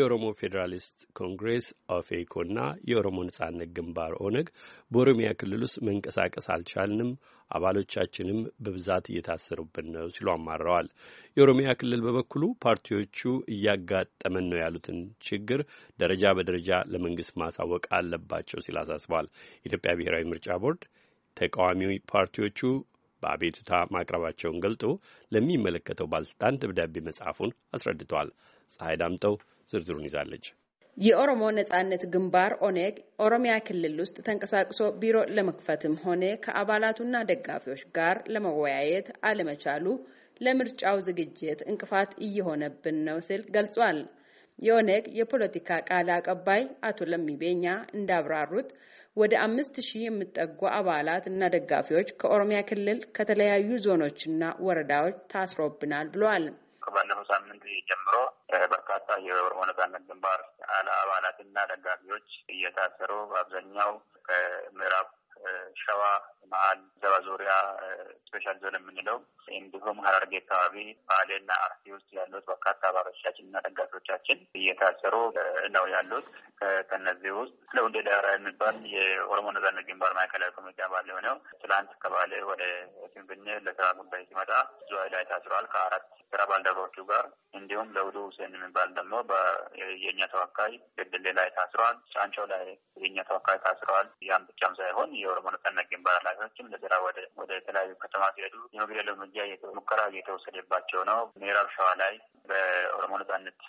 የኦሮሞ ፌዴራሊስት ኮንግሬስ ኦፌኮና የኦሮሞ ነጻነት ግንባር ኦነግ በኦሮሚያ ክልል ውስጥ መንቀሳቀስ አልቻልንም፣ አባሎቻችንም በብዛት እየታሰሩብን ነው ሲሉ አማረዋል። የኦሮሚያ ክልል በበኩሉ ፓርቲዎቹ እያጋጠመን ነው ያሉትን ችግር ደረጃ በደረጃ ለመንግስት ማሳወቅ አለባቸው ሲል አሳስቧል። የኢትዮጵያ ብሔራዊ ምርጫ ቦርድ ተቃዋሚ ፓርቲዎቹ በአቤቱታ ማቅረባቸውን ገልጦ ለሚመለከተው ባለስልጣን ደብዳቤ መጻፉን አስረድቷል። ፀሐይ ዳምጠው ዝርዝሩን ይዛለች። የኦሮሞ ነጻነት ግንባር ኦኔግ ኦሮሚያ ክልል ውስጥ ተንቀሳቅሶ ቢሮ ለመክፈትም ሆነ ከአባላቱና ደጋፊዎች ጋር ለመወያየት አለመቻሉ ለምርጫው ዝግጅት እንቅፋት እየሆነብን ነው ሲል ገልጿል። የኦኔግ የፖለቲካ ቃል አቀባይ አቶ ለሚቤኛ እንዳብራሩት ወደ አምስት ሺህ የሚጠጉ አባላት እና ደጋፊዎች ከኦሮሚያ ክልል ከተለያዩ ዞኖችና ወረዳዎች ታስሮብናል ብለዋል። ከባለፈው ሳምንት ጀምሮ በርካታ የኦሮሞ ነጻነት ግንባር አባላትና ደጋፊዎች እየታሰሩ በአብዛኛው ከምዕራብ ሸዋ መሀል ዘባ ዙሪያ ስፔሻል ዞን የምንለው እንዲሁም ሀረርጌ አካባቢ ባሌና ውስጥ ያሉት በርካታ አባሎቻችን እና ደጋፊዎቻችን እየታሰሩ ነው ያሉት። ከነዚህ ውስጥ ለውንዴ ዳራ የሚባል የኦሮሞ ነጻነት ግንባር ማዕከላዊ ኮሚቴ አባል የሆነው ትላንት ከባሌ ወደ ፊንፊኔ ለስራ ጉዳይ ሲመጣ ዝዋይ ላይ ታስሯል ከአራት ስራ ባልደረቦቹ ጋር። እንዲሁም ለውዱ ሁሴን የሚባል ደግሞ የእኛ ተወካይ ገደሌ ላይ ታስሯል። ጫንቸው ላይ የእኛ ተወካይ ታስረዋል። ያም ብቻም ሳይሆን የኦሮሞ ነጻነት ግንባር ኃላፊዎችም ለስራ ወደ የተለያዩ ከተማ ሲሄዱ የመግደል እርምጃ ሙከራ እየተወሰደባቸው ነው። ምዕራብ ሸዋ ላይ በኦሮሞ ነጻነት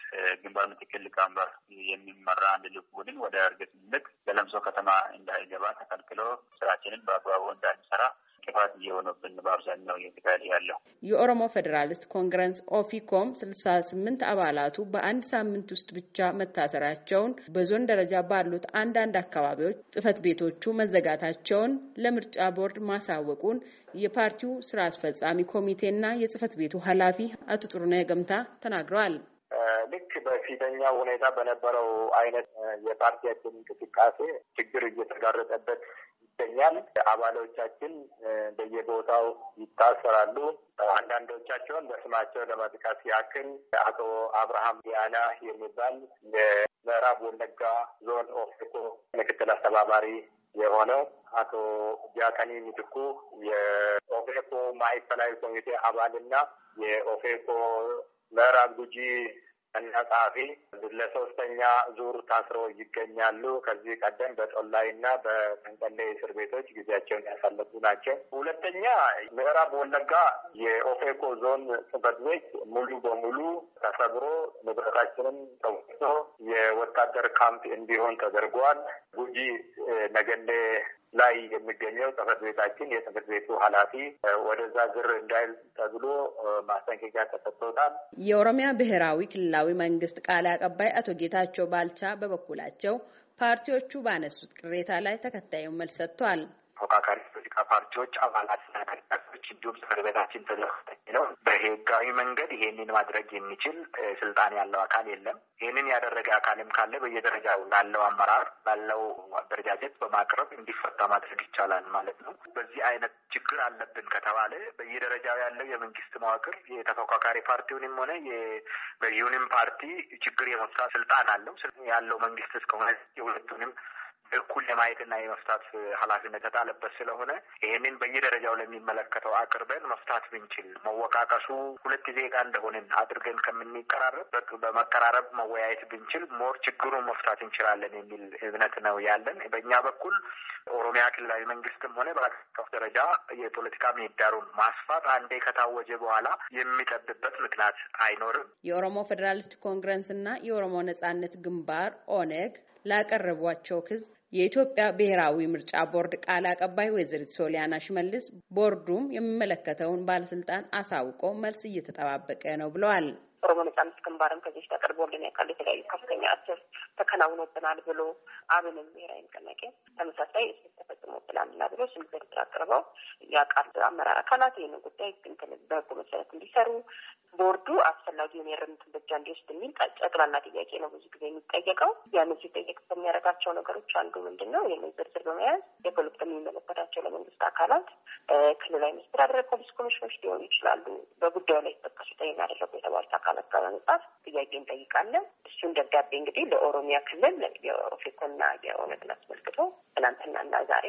ግንባር ምክትል ሊቀመንበር የሚመራ አንድ ልዑክ ቡድን ወደ እርግጥ ምልክ በለምሶ ከተማ እንዳይገባ ተከልክሎ ስራችንን በአግባቡ እንዳንሰራ ጥፋት እየሆነብን በአብዛኛው እየተካሄደ ያለው። የኦሮሞ ፌዴራሊስት ኮንግረስ ኦፊኮም ስልሳ ስምንት አባላቱ በአንድ ሳምንት ውስጥ ብቻ መታሰራቸውን፣ በዞን ደረጃ ባሉት አንዳንድ አካባቢዎች ጽህፈት ቤቶቹ መዘጋታቸውን ለምርጫ ቦርድ ማሳወቁን የፓርቲው ስራ አስፈጻሚ ኮሚቴና የጽህፈት ቤቱ ኃላፊ አቶ ጥሩነህ ገምታ ተናግረዋል። ልክ በፊተኛው ሁኔታ በነበረው አይነት የፓርቲያችን እንቅስቃሴ ችግር እየተጋረጠበት ይገኛል። አባሎቻችን በየቦታው ይታሰራሉ። አንዳንዶቻቸውን በስማቸው ለመጥቀስ ያክል አቶ አብርሃም ዲያና የሚባል የምዕራብ ወለጋ ዞን ኦፌኮ ምክትል አስተባባሪ የሆነ አቶ ጃከኒ ሚትኩ የኦፌኮ ማዕከላዊ ኮሚቴ አባልና የኦፌኮ ምዕራብ ጉጂ እና ጸሐፊ ለሶስተኛ ዙር ታስረው ይገኛሉ። ከዚህ ቀደም በጦላይ እና በጠንቀሌ እስር ቤቶች ጊዜያቸውን ያሳለፉ ናቸው። ሁለተኛ ምዕራብ ወለጋ የኦፌኮ ዞን ጽሕፈት ቤት ሙሉ በሙሉ ተሰብሮ ንብረታችንም ተወስዶ የወታደር ካምፕ እንዲሆን ተደርጓል። ጉጂ ነገሌ ላይ የሚገኘው ጽህፈት ቤታችን የጽህፈት ቤቱ ኃላፊ ወደዛ ዝር እንዳይል ተብሎ ማስጠንቀቂያ ተሰጥቶታል። የኦሮሚያ ብሔራዊ ክልላዊ መንግስት ቃል አቀባይ አቶ ጌታቸው ባልቻ በበኩላቸው ፓርቲዎቹ ባነሱት ቅሬታ ላይ ተከታዩን መልስ ሰጥቷል። ተፎካካሪ ፖለቲካ ፓርቲዎች አባላት ተናጋሪዎች እንዲሁም ጽህፈት ቤታችን ተዘግቶ ነው። በህጋዊ መንገድ ይሄንን ማድረግ የሚችል ስልጣን ያለው አካል የለም። ይህንን ያደረገ አካልም ካለ በየደረጃው ላለው አመራር ላለው አደረጃጀት በማቅረብ እንዲፈታ ማድረግ ይቻላል ማለት ነው። በዚህ አይነት ችግር አለብን ከተባለ በየደረጃው ያለው የመንግስት መዋቅር የተፎካካሪ ፓርቲውንም ሆነ የገዢውንም ፓርቲ ችግር የመፍታት ስልጣን አለው ያለው መንግስት እስከሆነ የሁለቱንም እኩል የማየትና የመፍታት ኃላፊነት የጣለበት ስለሆነ ይህንን በየደረጃው ለሚመለከተው አቅርበን መፍታት ብንችል መወቃቀሱ ሁለት ዜጋ እንደሆንን አድርገን ከምንቀራረብ በመቀራረብ መወያየት ብንችል ሞር ችግሩን መፍታት እንችላለን የሚል እምነት ነው ያለን። በእኛ በኩል ኦሮሚያ ክልላዊ መንግስትም ሆነ በአገር አቀፍ ደረጃ የፖለቲካ ምህዳሩን ማስፋት አንዴ ከታወጀ በኋላ የሚጠብበት ምክንያት አይኖርም። የኦሮሞ ፌዴራሊስት ኮንግረስና የኦሮሞ ነጻነት ግንባር ኦነግ ላቀረቧቸው ክስ የኢትዮጵያ ብሔራዊ ምርጫ ቦርድ ቃል አቀባይ ወይዘሪት ሶሊያና ሽመልስ ቦርዱም የሚመለከተውን ባለስልጣን አሳውቆ መልስ እየተጠባበቀ ነው ብለዋል። ኦሮሞ ነጻነት ግንባርም ከዚህ በፊት ቦርድን ያውቃል የተለያዩ ከፍተኛ እስር ተከናውኖብናል ብሎ አብንም ብሔራዊ ንቅናቄ ተመሳሳይ እስር ተፈጽሞብናልና ብሎ ስም ዝርዝር አቅርበው ያውቃል። አመራር አካላት ይህንን ጉዳይ በህጉ መሰረት እንዲሰሩ ቦርዱ አስፈላጊውን የእርምት እርምጃ እንዲወስድ የሚል ጠቅላላ ጥያቄ ነው ብዙ ጊዜ የሚጠየቀው። ያንን ሲጠየቅ ከሚያደርጋቸው ነገሮች አንዱ ምንድን ነው? ይህንን ዝርዝር በመያዝ የፖለቲካ የሚመለከታቸው ለመንግስት አካላት ክልላዊ መስተዳድር፣ ፖሊስ ኮሚሽኖች ሊሆኑ ይችላሉ። በጉዳዩ ላይ የተጠቀሱ ጠይና ያደረጉ የተባሉት አካላት ጋር በመጻፍ ጥያቄ እንጠይቃለን። እሱን ደብዳቤ እንግዲህ ለኦሮሚያ ክልል የኦፌኮና የኦነግን አስመልክቶ ትናንትናና ዛሬ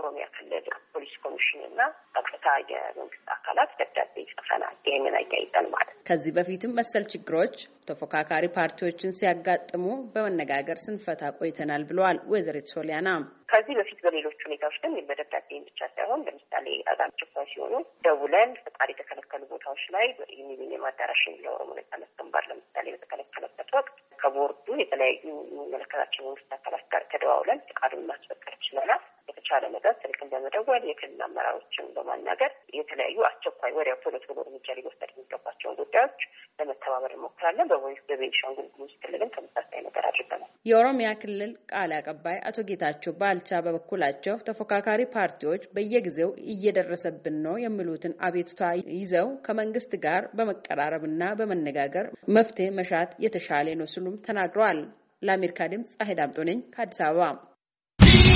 ኦሮሚያ ክልል ፖሊስ ኮሚሽንና ቀጥታ የመንግስት አካላት ደብዳቤ ይጽፈናል። ይህንን አያይዛል ይደርሳል ማለት ነው። ከዚህ በፊትም መሰል ችግሮች ተፎካካሪ ፓርቲዎችን ሲያጋጥሙ በመነጋገር ስንፈታ ቆይተናል ብለዋል ወይዘሪት ሶሊያና። ከዚህ በፊት በሌሎች ሁኔታዎች ግን በደብዳቤ ብቻ ሳይሆን ለምሳሌ አዛም ጭፋ ሲሆኑ ደውለን ፈቃድ የተከለከሉ ቦታዎች ላይ የሚሊኒየም የማዳራሽ የሚለው ኦሮሞ ነጻነት ግንባር ለምሳሌ በተከለከለበት ወቅት ከቦርዱ የተለያዩ የሚመለከታቸው መንግስት አካላት ጋር ተደዋውለን ፈቃዱን ማስፈቀድ ችለናል። በተቻለ ነገር ስልክን በመደወል የክልል አመራሮችን በማናገር የተለያዩ አስቸኳይ ወዲያው ቶሎ ቶሎ እርምጃ ሊወሰድ የሚገባቸውን ጉዳዮች ለመተባበር እንሞክራለን። በወይስ በቤንሻንጉል ጉሙዝ ክልልም ተመሳሳይ ነገር አድርገናል። የኦሮሚያ ክልል ቃል አቀባይ አቶ ጌታቸው ባልቻ በበኩላቸው ተፎካካሪ ፓርቲዎች በየጊዜው እየደረሰብን ነው የሚሉትን አቤቱታ ይዘው ከመንግስት ጋር በመቀራረብና በመነጋገር መፍትሄ መሻት የተሻለ ነው ሲሉም ተናግረዋል። ለአሜሪካ ድምፅ ፀሐይ ዳምጦ ነኝ ከአዲስ አበባ።